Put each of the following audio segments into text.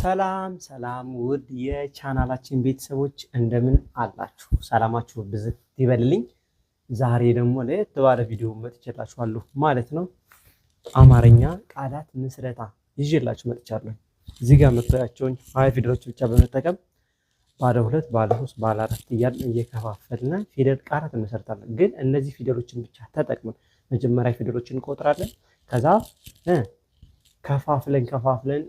ሰላም ሰላም ውድ የቻናላችን ቤተሰቦች እንደምን አላችሁ? ሰላማችሁ ብዝት ይበልልኝ። ዛሬ ደግሞ ለየት ባለ ቪዲዮ መጥቼላችኋለሁ ማለት ነው። አማርኛ ቃላት ምስረታ ይዤላችሁ መጥቻለሁ። እዚህ ጋር መታያቸውን ሀያ ፊደሎች ብቻ በመጠቀም ባለ ሁለት፣ ባለ ሶስት፣ ባለ አራት እያልን እየከፋፈልና ፊደል ቃላት እንመሰርታለን። ግን እነዚህ ፊደሎችን ብቻ ተጠቅመን መጀመሪያ ፊደሎችን እንቆጥራለን። ከዛ ከፋፍለን ከፋፍለን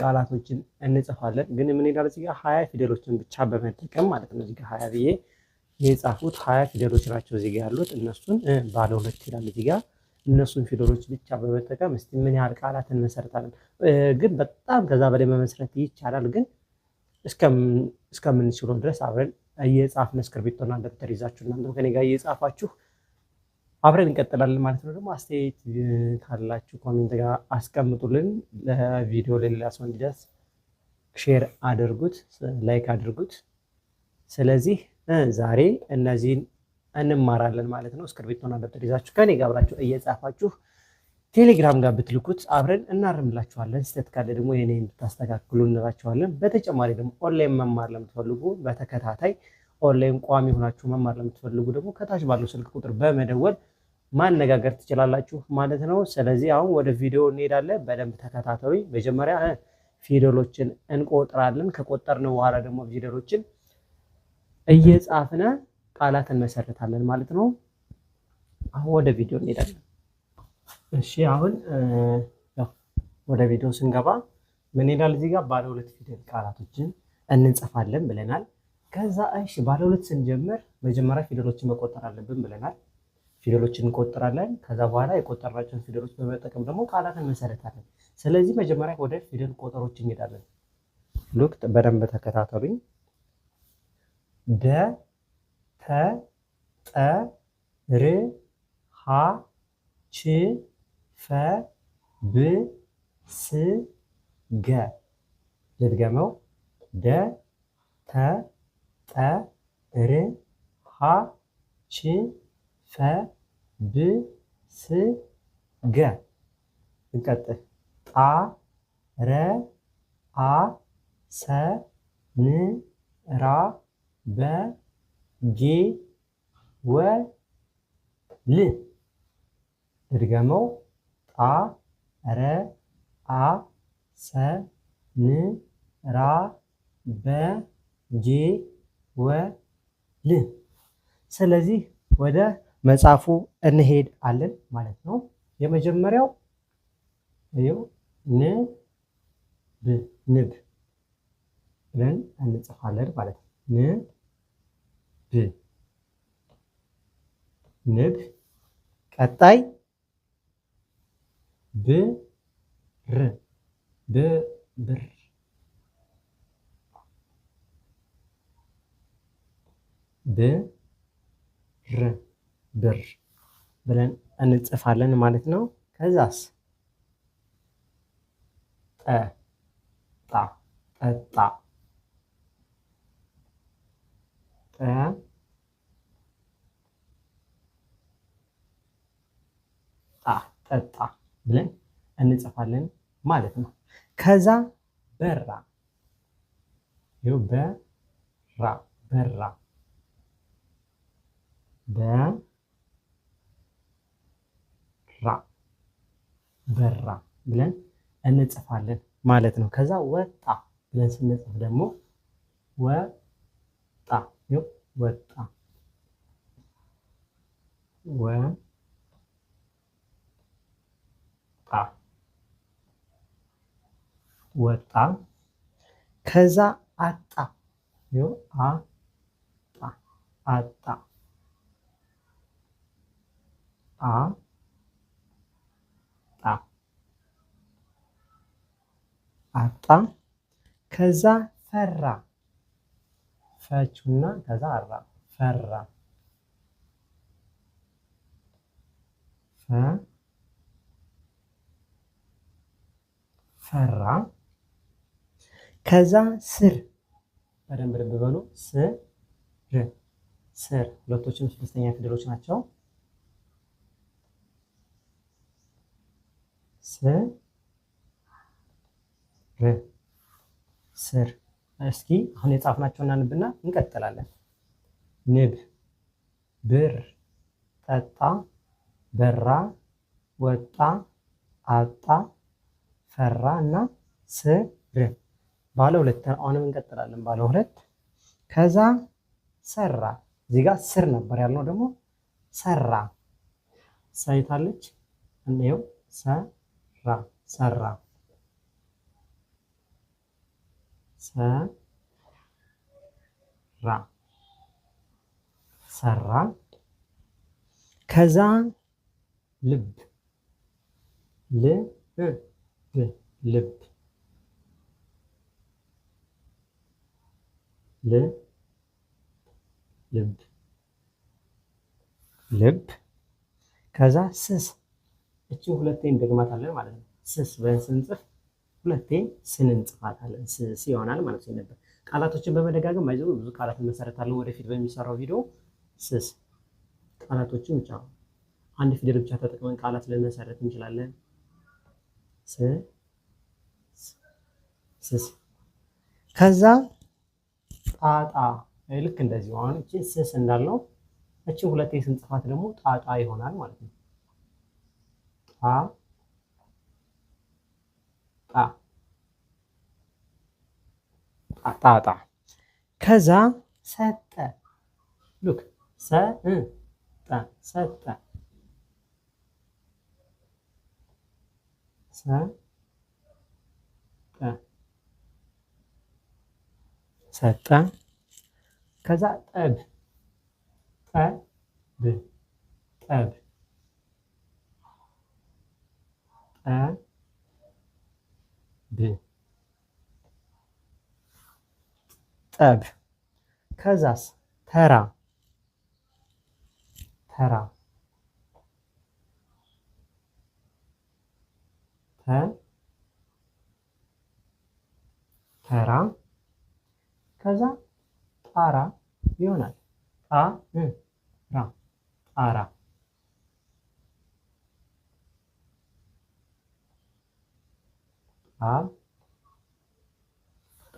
ቃላቶችን እንጽፋለን። ግን ምን ይላል እዚህ ጋር ሀያ ፊደሎችን ብቻ በመጠቀም ማለት ነው። እዚህ ጋር ሀያ ብዬ የጻፉት ሀያ ፊደሎች ናቸው እዚህ ጋር ያሉት እነሱን ባለ ሁለት ይላል እዚህ ጋር እነሱን ፊደሎች ብቻ በመጠቀም እስቲ ምን ያህል ቃላት እንመሰርታለን። ግን በጣም ከዛ በላይ መመስረት ይቻላል። ግን እስከምንችለው ድረስ አብረን እየጻፍን እስክርቢቶና ደብተር ይዛችሁ እናንተም ከኔ ጋር እየጻፋችሁ አብረን እንቀጥላለን ማለት ነው። ደግሞ አስተያየት ካላችሁ ኮሜንት ጋር አስቀምጡልን። ለቪዲዮ ለሌላ ሰው እንዲደርስ ሼር አድርጉት፣ ላይክ አድርጉት። ስለዚህ ዛሬ እነዚህን እንማራለን ማለት ነው። እስክርቢቶና ደብተር ይዛችሁ ከኔ ጋር አብራችሁ እየጻፋችሁ ቴሌግራም ጋር ብትልኩት አብረን እናርምላችኋለን። ስህተት ካለ ደግሞ ይሄን እንድታስተካክሉ እንላችኋለን። በተጨማሪ ደግሞ ኦንላይን መማር ለምትፈልጉ በተከታታይ ኦንላይን ቋሚ ሆናችሁ መማር ለምትፈልጉ ደግሞ ከታች ባለው ስልክ ቁጥር በመደወል ማነጋገር ትችላላችሁ ማለት ነው። ስለዚህ አሁን ወደ ቪዲዮ እንሄዳለን። በደንብ ተከታተሉ። መጀመሪያ ፊደሎችን እንቆጥራለን። ከቆጠርን በኋላ ደግሞ ፊደሎችን እየጻፍነ ቃላት እንመሰርታለን ማለት ነው። አሁን ወደ ቪዲዮ እንሄዳለን። እሺ አሁን ወደ ቪዲዮ ስንገባ ምን ይላል እዚህ ጋር ባለ ሁለት ፊደል ቃላቶችን እንጽፋለን ብለናል። ከዛ እሺ ባለ ሁለት ስንጀምር መጀመሪያ ፊደሎችን መቆጠር አለብን ብለናል። ፊደሎችን እንቆጥራለን። ከዛ በኋላ የቆጠርናቸውን ፊደሎች በመጠቀም ደግሞ ቃላትን መሰረታለን። ስለዚህ መጀመሪያ ወደ ፊደል ቆጠሮች እንሄዳለን። ሉክ በደንብ ተከታተሉኝ። ደ ተ ጠ ር ሀ ች ፈ ብ ስ ገ። ልድገመው። ደ ተ ጠ ር ሀ ች ፈ ብ ስ ገ እንቀጥል። ጣ ረ አ ሰ ን ራ በ ጌ ወ ል ድገመው። ጣ ረ አ ሰ ን ራ በ ጌ ወ ል ስለዚህ ወደ መጽሐፉ እንሄድ አለን ማለት ነው። የመጀመሪያው ይኸው ንብ ንብ ብለን እንጽፋለን ማለት ነው። ንብ ንብ ቀጣይ ብር ብብር ብር ብር ብለን እንጽፋለን ማለት ነው። ከዛስ ጠጣ ጠጣ ጠጣ ጠጣ ብለን እንጽፋለን ማለት ነው። ከዛ በራ ይኸው በራ በራ በ በራ በራ ብለን እንጽፋለን ማለት ነው። ከዛ ወጣ ብለን ስንጽፍ ደግሞ ወጣ ወጣ ወጣ ወጣ ከዛ አጣ አጣ አጣ አጣ ከዛ ፈራ ፈቹና ከዛ አራ ፈራ ፈ ፈራ ከዛ ስር በደንብ ልብ በሉ ስር ስር ሁለቶችም ስድስተኛ ፊደሎች ናቸው ስር ስር። እስኪ አሁን የጻፍናቸው እናንብና እንቀጥላለን። ንብ፣ ብር፣ ጠጣ፣ በራ፣ ወጣ፣ አጣ፣ ፈራ እና ስር። ባለ ሁለት አሁንም እንቀጥላለን። ባለ ሁለት ከዛ ሰራ። እዚህ ጋር ስር ነበር ያልነው ደግሞ ሰራ ሳይታለች እንየው ሰራ ሰራ ሰራ ሰራ ከዛ ልብ ልብ ልብ ልብ ልብ ልብ ከዛ ስስ እቺ ሁለቴ ደግማታለን ማለት ነው። ስስ በእንስንጽፍ ስንጽፍ ሁለቴ ስን እንጽፋታለን ሲሆናል ማለት ነበር። ቃላቶችን በመደጋገም ማይዘ ብዙ ቃላት እንመሰረታለን ወደፊት በሚሰራው ቪዲዮ ስስ ቃላቶችን ብቻ አንድ ፊደል ብቻ ተጠቅመን ቃላት ልንመሰረት እንችላለን። ስስ ከዛ ጣጣ ልክ እንደዚህ ሆነ። እቺ ስስ እንዳለው እቺ ሁለቴ ስንጽፋት ደግሞ ጣጣ ይሆናል ማለት ነው። ጣጣ ከዛ ሰጠ ሉክ ሰጠ ሰጠ ሰጠ ከዛ ጠብ ጠብ ጠብ ጠብ ጠብ ከዛስ ተራ ተራ ተራ ከዛ ጣራ ይሆናል። ራ ጣራ ጣራ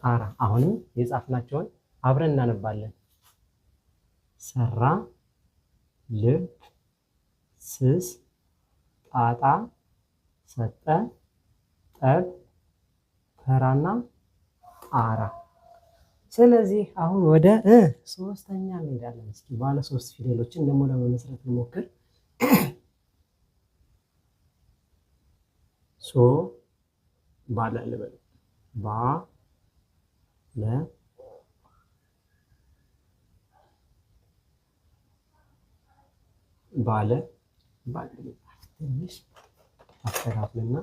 ቃራ አሁንም የጻፍናቸውን አብረን እናነባለን። ሰራ፣ ልብ፣ ስስ፣ ጣጣ፣ ሰጠ፣ ጠብ፣ ተራና ጣራ። ስለዚህ አሁን ወደ ሶስተኛ እንሄዳለን። እስኪ ባለ ሶስት ፊደሎችን ደግሞ ለመመስረት እንሞክር። ሶ ባለ ልበል ባ né? ባለ ባለ ትንሽ አስተካክልና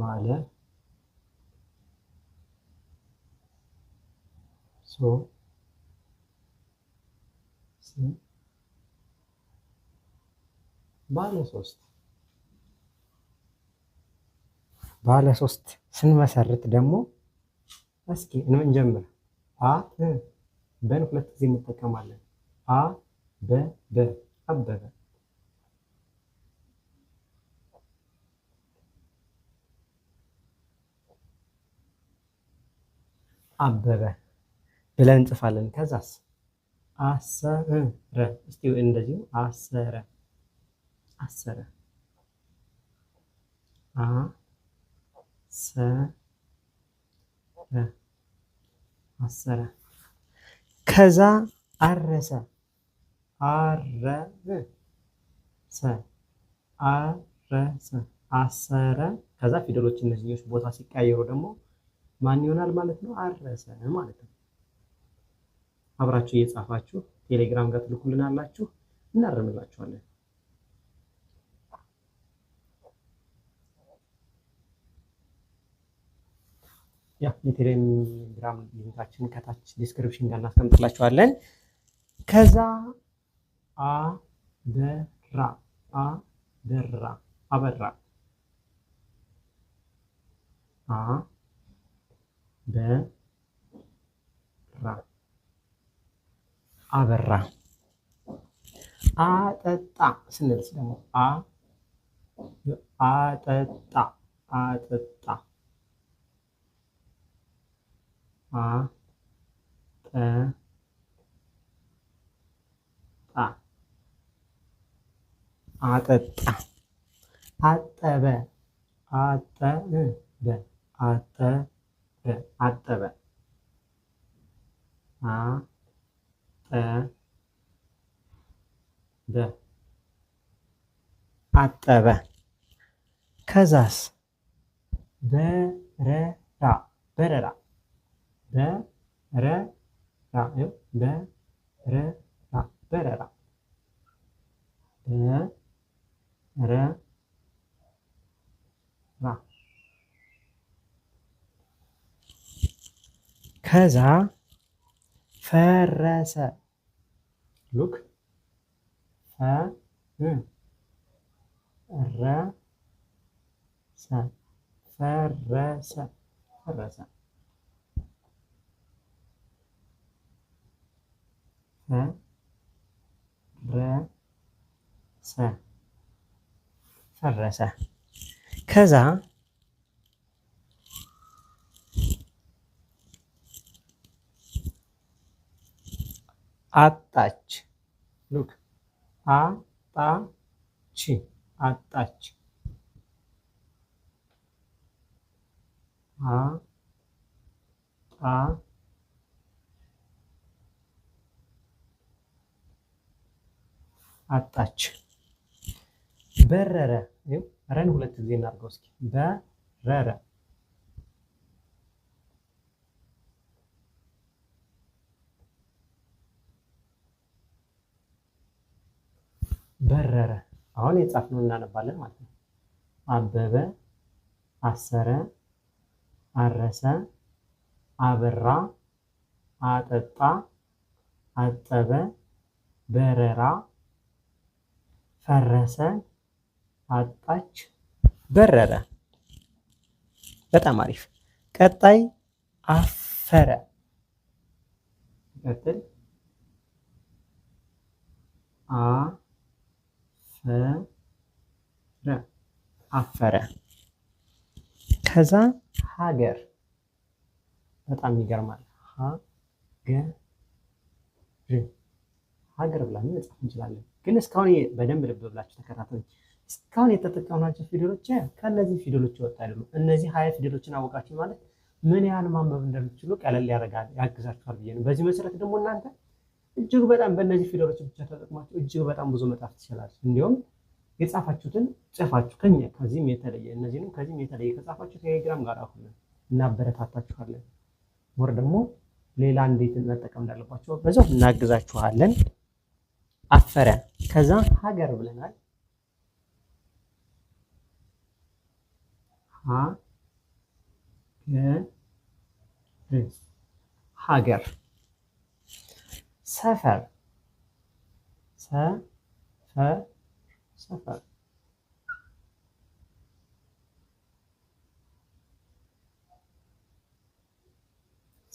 ባለ ሶ ባለ ሶስት ባለ ሶስት ስንመሰርት ደግሞ እስኪ እንጀምር። አ በን ሁለት ጊዜ እንጠቀማለን። አ በ በ አበበ አበበ ብለን እንጽፋለን። ከዛስ አሰረ እስቲ እንደዚሁ አሰረ አሰረ አሰረ አሰረ ከዛ አረሰ አረሰ አረሰ አሰረ ከዛ ፊደሎች እነዚህ ቦታ ሲቀያየሩ ደግሞ ማን ይሆናል ማለት ነው? አረሰ ማለት ነው። አብራችሁ እየጻፋችሁ ቴሌግራም ጋር ትልኩልናላችሁ፣ እናርምላችኋለን። ያ የቴሌግራም ሊንካችን ከታች ዲስክሪፕሽን ጋር እናስቀምጥላችኋለን። ከዛ አበራ አበራ አበራ አበራ አበራ። አጠጣ ስንልስ ደግሞ አ አጠጣ አጠጣ አ ጠ ጣ አጠጣ አጠበ አጠበ አጠበ አጠበ ጠ በ አጠበ። ከዛስ በረራ በረራ በረራ በረራ በረራ በረራ ከዛ فرس لوك ف ر س فرس فرس فرس فرس كذا አጣች ሉክ አጣች አጣች አጣች በረረ ረን ሁለት ጊዜ እናድርገው እስኪ በረረ በረረ። አሁን የጻፍነው እናነባለን ማለት ነው። አበበ፣ አሰረ፣ አረሰ፣ አበራ፣ አጠጣ፣ አጠበ፣ በረራ፣ ፈረሰ፣ አጣች፣ በረረ። በጣም አሪፍ። ቀጣይ አፈረ ይቀጥል። አ አፈረ። ከዛ ሀገር በጣም ይገርማል። ሀገር ሀገር ብለን መጻፍ እንችላለን። ግን እስካሁን በደንብ ልብ ብላችሁ ተከታተሉ። እስካሁን የተጠቀምናቸው ፊደሎች ከእነዚህ ፊደሎች ይወጣ አይደሉ። እነዚህ ሀያ ፊደሎችን አወቃችሁ ማለት ምን ያህል ማንበብ እንደምትችሉ ቀለል ያደርጋል ያግዛችኋል ብዬ ነው። በዚህ መሰረት ደግሞ እናንተ እጅግ በጣም በእነዚህ ፊደሎች ብቻ ተጠቅማችሁ እጅግ በጣም ብዙ መጻፍ ትችላላችሁ። እንዲሁም የጻፋችሁትን ጽፋችሁ ከኛ ከዚህም የተለየ እነዚህንም ከዚህም የተለየ ከጻፋችሁ ቴሌግራም ጋር አሁን እናበረታታችኋለን። ወር ደግሞ ሌላ እንዴት መጠቀም እንዳለባቸው በዛው እናግዛችኋለን። አፈረ ከዛ ሀገር ብለናል። ሀገር ሰፈር ሰፈር ሰፈር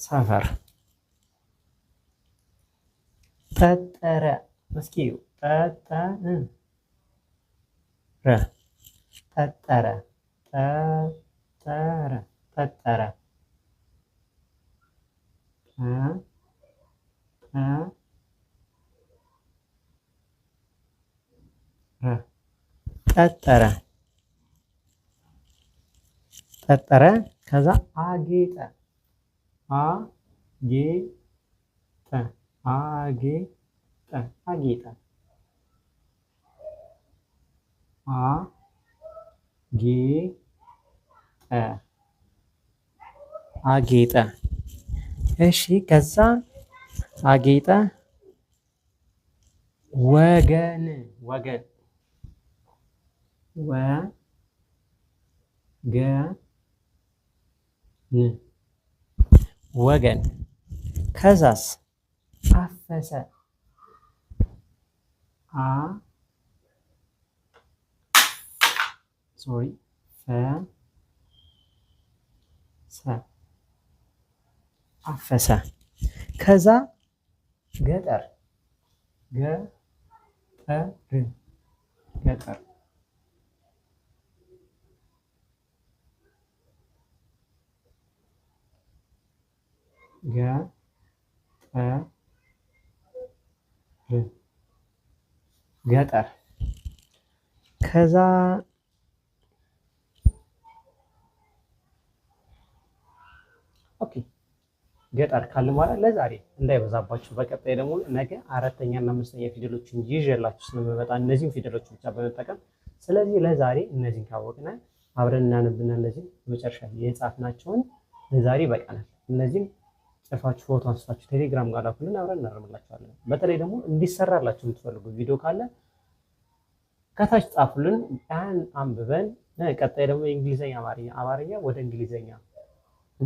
ሰፈር ጠጠረ እስኪ ጠጠን ጠጠረ ጠጠረ ጠጠረ ጠጠረ ጠጠረ ከዛ አጌጠ አጌጠ አጌጠ አጌጠ አጌጠ አጌጠ እሺ ከዛ አጌጠ ወገን ወገን ወገን ወገን ከዛስ አፈሰ አ ሶሪ ፈ ሰ አፈሰ ከዛ gitar, g, a, d, gitar, g, a, d, gitar, kaza, oke ገጠር ካለ በኋላ ለዛሬ እንዳይበዛባችሁ በቀጣይ ደግሞ ነገ አራተኛ እና አምስተኛ ፊደሎችን ይዤላችሁ ስለምመጣ እነዚህም ፊደሎች ብቻ በመጠቀም ስለዚህ ለዛሬ እነዚህን ካወቅና አብረን እናነብና እነዚህ መጨረሻ የጻፍናቸውን ለዛሬ በቃናል። እነዚህም ጽፋችሁ ፎቶ አንስታችሁ ቴሌግራም ጋር ላኩልን፣ አብረን እናርምላችኋለን። በተለይ ደግሞ እንዲሰራላችሁ የምትፈልጉ ቪዲዮ ካለ ከታች ጻፉልን፣ ያን አንብበን ቀጣይ ደግሞ የእንግሊዝኛ አማርኛ፣ አማርኛ ወደ እንግሊዝኛ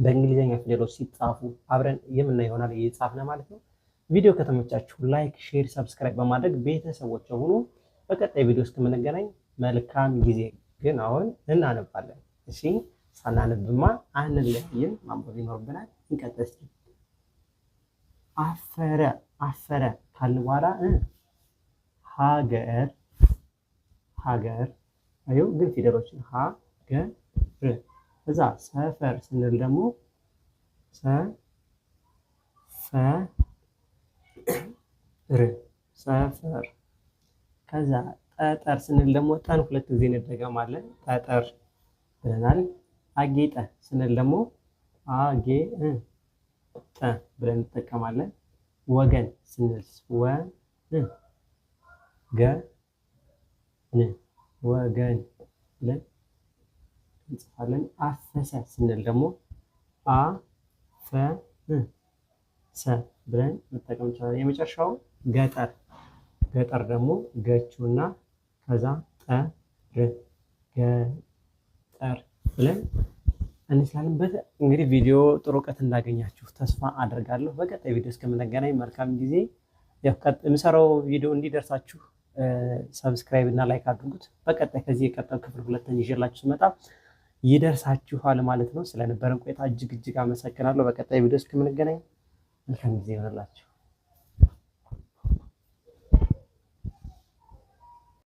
በእንግሊዝኛ ፊደሎች ሲጻፉ አብረን የምናይ ይሆናል እየጻፍነ ማለት ነው። ቪዲዮ ከተመቻችሁ ላይክ፣ ሼር፣ ሰብስክራይብ በማድረግ ቤተሰቦች ሁኑ። በቀጣይ ቪዲዮ እስከምንገናኝ መልካም ጊዜ። ግን አሁን እናነባለን። እሺ፣ ሳናነብማ አንለይም፣ ማንበብ ይኖርብናል። እንቀጥል። አፈረ አፈረ ካል በኋላ ሀገር ሀገር፣ አዩ ግን ፊደሎችን ሀገር እዛ ሰፈር ስንል ደግሞ ሰፈር ሰፈር። ከዛ ጠጠር ስንል ደግሞ ጠን ሁለት ጊዜ እንደገማለን ጠጠር ብለናል። አጌጠ ስንል ደግሞ አጌጠ ብለን እንጠቀማለን። ወገን ስንል ወገን ወገን ብለን እንጽፋለን። አፈሰ ስንል ደግሞ አ ፈ ሰ ብለን መጠቀም እንችላለን። የመጨረሻው ገጠር ገጠር ደግሞ ገቹና ከዛ ጠር ገጠር ብለን እንስላለን። እንግዲህ ቪዲዮ ጥሩ እውቀት እንዳገኛችሁ ተስፋ አደርጋለሁ። በቀጣይ ቪዲዮ እስከምንገናኝ መልካም ጊዜ። የምሰራው ቪዲዮ እንዲደርሳችሁ ሰብስክራይብ እና ላይክ አድርጉት። በቀጣይ ከዚህ የቀጣው ክፍል ሁለተኛ ይዤላችሁ ስመጣ ይደርሳችኋል ማለት ነው። ስለነበረን ቆይታ እጅግ እጅግ አመሰግናለሁ። በቀጣይ ቪዲዮ እስክንገናኝ መልካም ጊዜ ይሆንላችሁ።